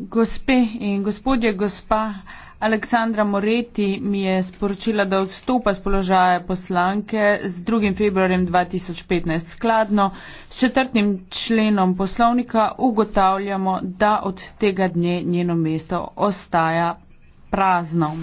Gospe in gospodje, gospa Aleksandra Moreti mi je sporočila, da odstopa z položaja poslanke z 2. februarjem 2015. Skladno s četrtim členom poslovnika ugotavljamo, da od tega dne njeno mesto ostaja prazno.